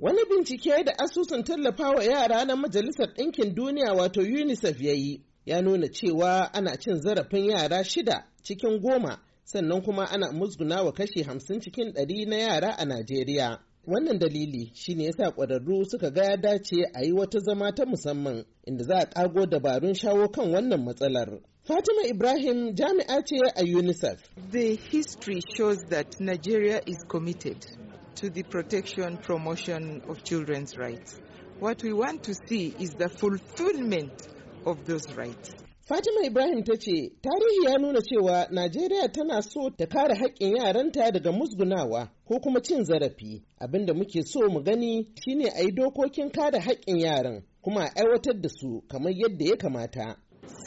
Wani bincike da asusun tallafawa yara na Majalisar Ɗinkin Duniya wato UNICEF ya yi ya nuna cewa ana cin zarafin yara shida cikin goma sannan kuma ana musguna wa kashi hamsin cikin ɗari na yara a Najeriya. Wannan dalili shine yasa ƙwararru suka ga dace a yi wata zama ta musamman inda za a ƙago dabarun shawo kan wannan matsalar. Fatima Ibrahim jami'a ce a UNICEF. The history shows that Nigeria is committed to the protection promotion of children's rights. What we want to see is the fulfillment of those rights. Fatima Ibrahim ta ce tarihi ya nuna cewa Najeriya tana so ta kare haƙƙin yaranta daga musgunawa ko kuma cin zarafi. Abinda muke so mu gani shine a yi dokokin kare haƙƙin yaran kuma a aiwatar da su kamar yadda ya kamata.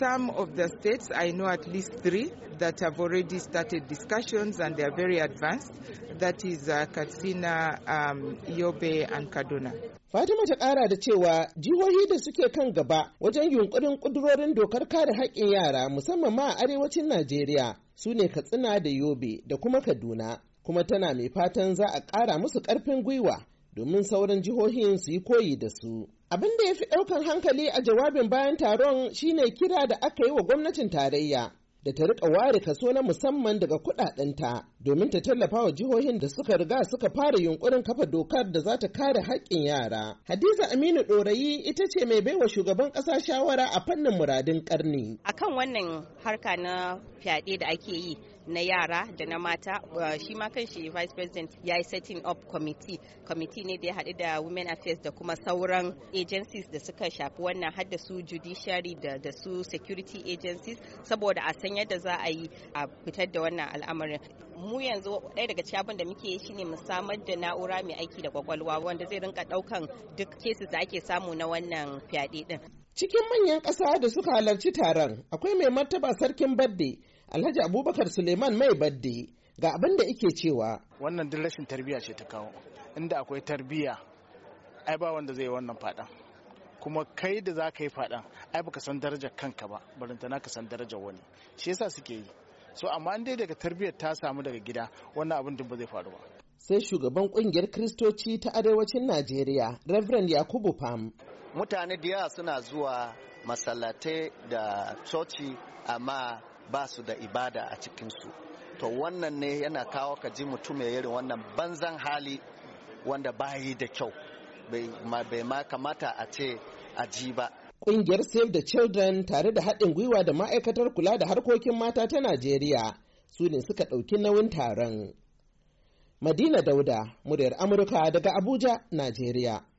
some of the states, I know at least three, that have already started discussions and they are very advanced. That is uh, Katsina, um, Yobe, and Kaduna. Fatima ta ƙara da cewa jihohi da suke kan gaba wajen yunkurin ƙudurorin dokar kare haƙƙin yara musamman ma a arewacin Najeriya su ne Katsina da Yobe da kuma Kaduna. Kuma tana mai fatan za a ƙara musu ƙarfin gwiwa domin sauran jihohin su yi koyi da su. Abin da ya fi ɗaukan hankali a jawabin bayan taron shine kira da aka yi wa gwamnatin tarayya da ta riƙa ware kaso na musamman daga kuɗaɗenta domin ta tallafa wa jihohin da suka riga suka fara yunkurin kafa dokar da za ta kare haƙƙin yara. Hadiza Aminu Ɗorayi ita ce mai baiwa shugaban ƙasa shawara a fannin muradin ƙarni. Akan wannan harka na fyaɗe da ake yi, na yara da na mata shi ma kan shi vice president ya yi setting up committee committee ne da ya haɗu da women affairs da kuma sauran agencies da suka shafi wannan har su judiciary da, da su security agencies saboda a san yadda za a yi a fitar da wannan al'amarin mu yanzu ɗaya daga cikin da muke yi shine mu samar da na'ura mai aiki da kwakwalwa wanda zai rinka ɗaukan duk cases da ake samu na wannan fyaɗe din cikin manyan ƙasa da suka halarci taron akwai mai martaba sarkin badde Alhaji Abubakar Suleiman Mai Badde ga abin da ike cewa. Wannan duk rashin tarbiyya ce ta kawo. Inda akwai tarbiyya ai ba wanda zai yi wannan faɗan. Kuma kai da za ka yi faɗan ai baka san darajar kanka ba barantana ka san darajar wani. Shi yasa suke yi. So amma dai daga tarbiyyar ta samu daga gida wannan abin duk ba zai faru ba. Sai shugaban kungiyar Kristoci ta Arewacin Najeriya, Reverend Yakubu Pam. Mutane da yawa suna zuwa masallatai da coci amma ba su da ibada a cikinsu to wannan ne yana kawo ka ji mutum ya irin wannan banzan hali wanda bayi da kyau bai ma kamata a ce a ji ba Ƙungiyar Save the Children tare da haɗin gwiwa da ma'aikatar kula da harkokin mata ta Najeriya su ne suka ɗauki nauyin taron. Madina Dauda, muryar Amurka daga Abuja, Najeriya.